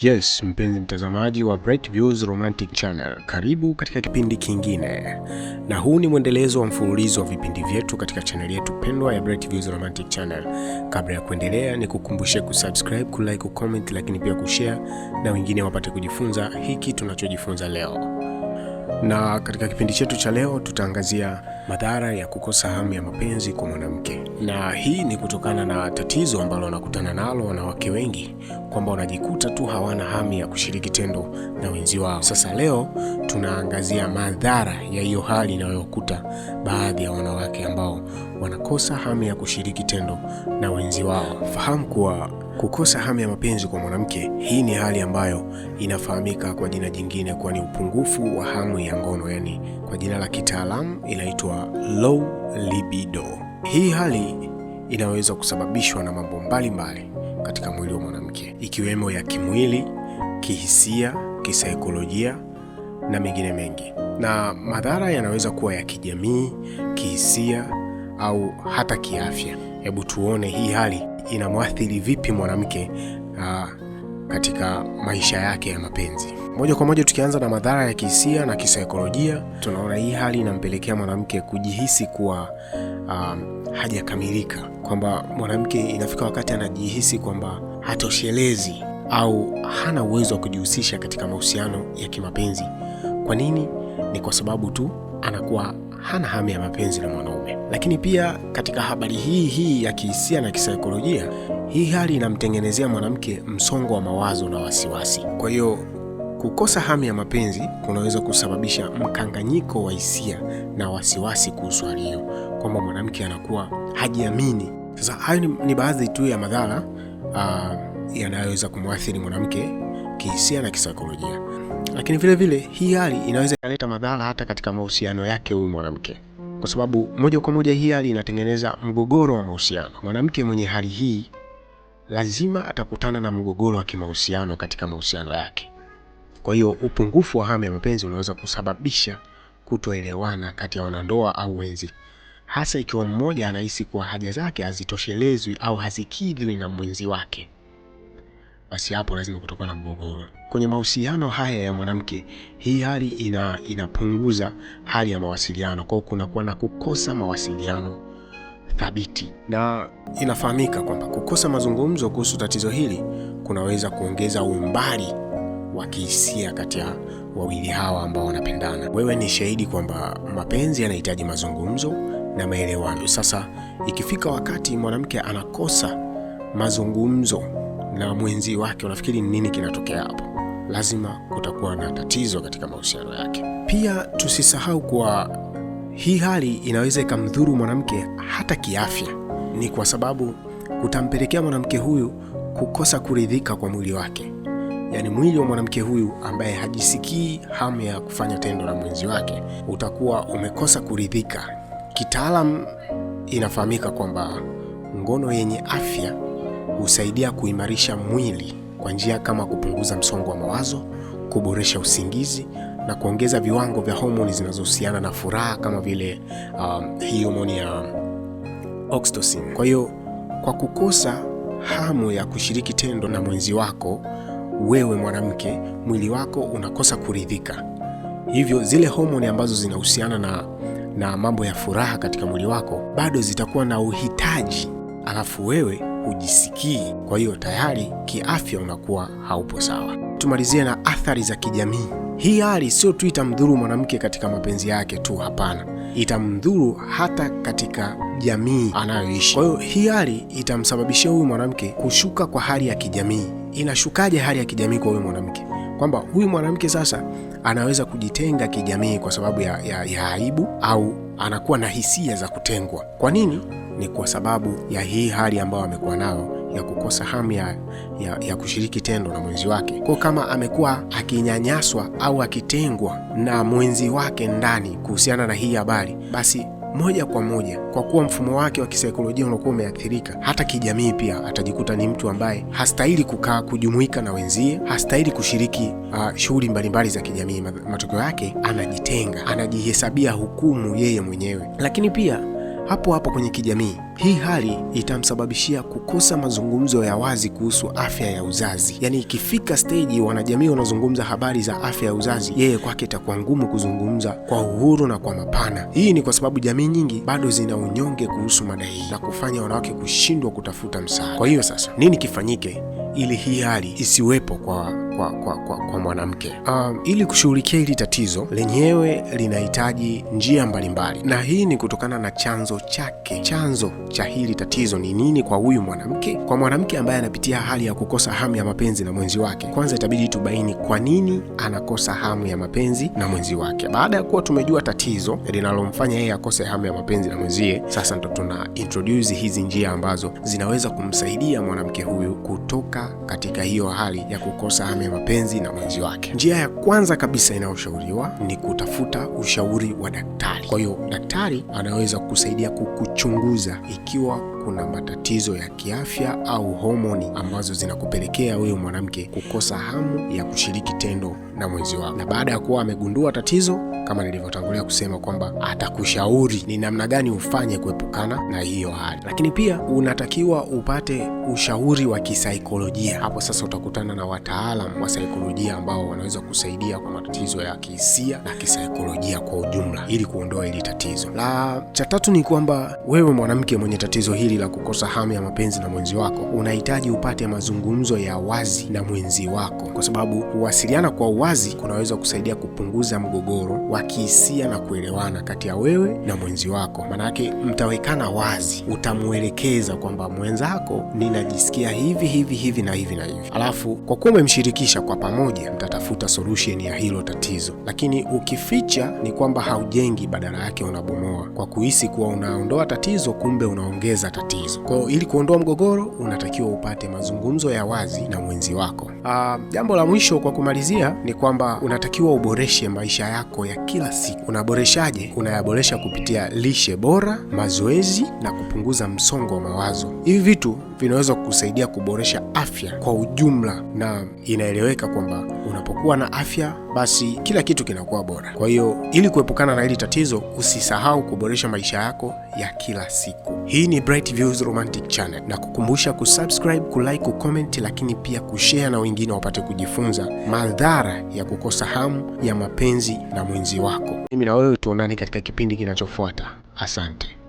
Yes, mpenzi mtazamaji wa Bright Views Romantic Channel, karibu katika kipindi kingine, na huu ni mwendelezo wa mfululizo wa vipindi vyetu katika chaneli yetu pendwa ya Bright Views Romantic Channel. Kabla ya kuendelea, ni kukumbushe kusubscribe, kulike, kucomment, lakini pia kushare na wengine wapate kujifunza hiki tunachojifunza leo. Na katika kipindi chetu cha leo tutaangazia madhara ya kukosa hamu ya mapenzi kwa mwanamke, na hii ni kutokana na tatizo ambalo wanakutana nalo wanawake wengi, kwamba wanajikuta tu hawana hamu ya kushiriki tendo na wenzi wao. Sasa leo tunaangazia madhara ya hiyo hali inayokuta baadhi ya wanawake ambao wanakosa hamu ya kushiriki tendo na wenzi wao. Fahamu kuwa kukosa hamu ya mapenzi kwa mwanamke, hii ni hali ambayo inafahamika kwa jina jingine kuwa ni upungufu wa hamu ya ngono, yani kwa jina la kitaalamu inaitwa low libido. Hii hali inaweza kusababishwa na mambo mbalimbali katika mwili wa mwanamke ikiwemo ya kimwili, kihisia, kisaikolojia na mengine mengi, na madhara yanaweza kuwa ya kijamii, kihisia au hata kiafya. Hebu tuone hii hali inamwathiri vipi mwanamke ah, katika maisha yake ya mapenzi. Moja kwa moja tukianza na madhara ya kihisia na kisaikolojia, tunaona hii hali inampelekea mwanamke kujihisi kuwa um, hajakamilika, kwamba mwanamke inafika wakati anajihisi kwamba hatoshelezi au hana uwezo wa kujihusisha katika mahusiano ya kimapenzi. Kwa nini? Ni kwa sababu tu anakuwa hana hamu ya mapenzi na mwanamke. Lakini pia katika habari hii hii ya kihisia na kisaikolojia, hii hali inamtengenezea mwanamke msongo wa mawazo na wasiwasi. Kwa hiyo kukosa hamu ya mapenzi kunaweza kusababisha mkanganyiko wa hisia na wasiwasi kuhusu hali hiyo, kwamba mwanamke anakuwa hajiamini. Sasa hayo ni, ni baadhi tu ya madhara ah, yanayoweza kumwathiri mwanamke kihisia na kisaikolojia. Lakini vile vile hii hali inaweza ikaleta madhara hata katika mahusiano yake huyu mwanamke kwa sababu moja kwa moja hii hali inatengeneza mgogoro wa mahusiano. Mwanamke mwenye hali hii lazima atakutana na mgogoro wa kimahusiano katika mahusiano yake. Kwa hiyo upungufu wa hamu ya mapenzi unaweza kusababisha kutoelewana kati ya wanandoa au wenzi, hasa ikiwa mmoja anahisi kuwa haja zake hazitoshelezwi au hazikidhwi na mwenzi wake basi hapo lazima kutoka na mgogoro kwenye mahusiano haya ya mwanamke. Hii hali ina, inapunguza hali ya mawasiliano kwao, kunakuwa na kukosa mawasiliano thabiti, na inafahamika kwamba kukosa mazungumzo kuhusu tatizo hili kunaweza kuongeza umbali wa kihisia kati ya wawili hawa ambao wanapendana. Wewe ni shahidi kwamba mapenzi yanahitaji mazungumzo na maelewano. Sasa ikifika wakati mwanamke anakosa mazungumzo na mwenzi wake, unafikiri nini kinatokea hapo? Lazima kutakuwa na tatizo katika mahusiano yake. Pia tusisahau kuwa hii hali inaweza ikamdhuru mwanamke hata kiafya, ni kwa sababu kutampelekea mwanamke huyu kukosa kuridhika kwa mwili wake, yaani mwili wa mwanamke huyu ambaye hajisikii hamu ya kufanya tendo la mwenzi wake utakuwa umekosa kuridhika. Kitaalam inafahamika kwamba ngono yenye afya husaidia kuimarisha mwili kwa njia kama kupunguza msongo wa mawazo, kuboresha usingizi na kuongeza viwango vya homoni zinazohusiana na furaha kama vile um, hii homoni ya oxytocin. Kwa hiyo kwa kukosa hamu ya kushiriki tendo na mwenzi wako, wewe mwanamke, mwili wako unakosa kuridhika, hivyo zile homoni ambazo zinahusiana na, na mambo ya furaha katika mwili wako bado zitakuwa na uhitaji, alafu wewe hujisikii, kwa hiyo tayari kiafya unakuwa haupo sawa. Tumalizie na athari za kijamii. Hii hali sio tu itamdhuru mwanamke katika mapenzi yake tu, hapana, itamdhuru hata katika jamii anayoishi. Kwa hiyo hii hali itamsababishia huyu mwanamke kushuka kwa hali ya kijamii. Inashukaje hali ya kijamii kwa huyu mwanamke? Kwamba huyu mwanamke sasa anaweza kujitenga kijamii kwa sababu ya, ya, ya aibu au anakuwa na hisia za kutengwa. Kwa nini? ni kwa sababu ya hii hali ambayo amekuwa nayo ya kukosa hamu ya, ya, ya kushiriki tendo na mwenzi wake. Kwa kama amekuwa akinyanyaswa au akitengwa na mwenzi wake ndani kuhusiana na hii habari, basi moja kwa moja, kwa kuwa mfumo wake wa kisaikolojia unakuwa umeathirika, hata kijamii pia atajikuta ni mtu ambaye hastahili kukaa kujumuika na wenzie, hastahili kushiriki uh, shughuli mbalimbali za kijamii. Matokeo yake anajitenga, anajihesabia hukumu yeye mwenyewe, lakini pia hapo hapo kwenye kijamii. Hii hali itamsababishia kukosa mazungumzo ya wazi kuhusu afya ya uzazi. Yaani ikifika steji wanajamii wanazungumza habari za afya ya uzazi, yeye kwake itakuwa ngumu kuzungumza kwa uhuru na kwa mapana. Hii ni kwa sababu jamii nyingi bado zina unyonge kuhusu mada hii na kufanya wanawake kushindwa kutafuta msaada. Kwa hiyo sasa, nini kifanyike ili hii hali isiwepo kwa kwa, kwa, kwa, kwa mwanamke. Um, ili kushughulikia hili tatizo lenyewe linahitaji njia mbalimbali mbali. Na hii ni kutokana na chanzo chake. Chanzo cha hili tatizo ni nini kwa huyu mwanamke? Kwa mwanamke ambaye anapitia hali ya kukosa hamu ya mapenzi na mwenzi wake, kwanza itabidi tubaini kwa nini anakosa hamu ya mapenzi na mwenzi wake. Baada ya kuwa tumejua tatizo linalomfanya yeye akose hamu ya mapenzi na mwenzie, sasa ndo tuna introduce hizi njia ambazo zinaweza kumsaidia mwanamke huyu kutoka katika hiyo hali ya kukosa hamu kwenye mapenzi na mwenzi wake. Njia ya kwanza kabisa inayoshauriwa ni kutafuta ushauri wa daktari. Kwa hiyo daktari anaweza kusaidia kukuchunguza ikiwa kuna matatizo ya kiafya au homoni ambazo zinakupelekea wewe mwanamke kukosa hamu ya kushiriki tendo na mwenzi wako, na baada ya kuwa amegundua tatizo, kama nilivyotangulia kusema kwamba atakushauri ni namna gani ufanye kuepukana na hiyo hali, lakini pia unatakiwa upate ushauri wa kisaikolojia. Hapo sasa utakutana na wataalam wa saikolojia ambao wanaweza kusaidia kwa matatizo ya kihisia na kisaikolojia kwa ujumla, ili kuondoa hili tatizo. La cha tatu ni kwamba wewe mwanamke mwenye tatizo hili la kukosa hamu ya mapenzi na mwenzi wako, unahitaji upate mazungumzo ya wazi na mwenzi wako, kwa sababu kuwasiliana kwa uwazi kunaweza kusaidia kupunguza mgogoro wa kihisia na kuelewana kati ya wewe na mwenzi wako. Manake mtawekana wazi, utamwelekeza kwamba mwenzako, ninajisikia hivi hivi hivi na hivi na hivi, alafu kwa kuwa umemshirikisha, kwa pamoja mtatafuta solution ya hilo tatizo. Lakini ukificha, ni kwamba haujengi, badala yake unabomoa, kwa kuhisi kuwa unaondoa tatizo, kumbe unaongeza tatizo matatizo. Kwa hiyo ili kuondoa mgogoro, unatakiwa upate mazungumzo ya wazi na mwenzi wako. Aa, ah, jambo la mwisho kwa kumalizia ni kwamba unatakiwa uboreshe maisha yako ya kila siku. Unaboreshaje? Unayaboresha kupitia lishe bora, mazoezi na kupunguza msongo wa mawazo. Hivi vitu vinaweza kukusaidia kuboresha afya kwa ujumla, na inaeleweka kwamba unapokuwa na afya, basi kila kitu kinakuwa bora. Kwa hiyo ili kuepukana na hili tatizo, usisahau kuboresha maisha yako ya kila siku. Hii ni Bright Views Romantic Channel, na kukumbusha kusubscribe, kulike, kucomment, lakini pia kushare na wengine wapate kujifunza madhara ya kukosa hamu ya mapenzi na mwenzi wako. Mimi na wewe tuonane katika kipindi kinachofuata. Asante.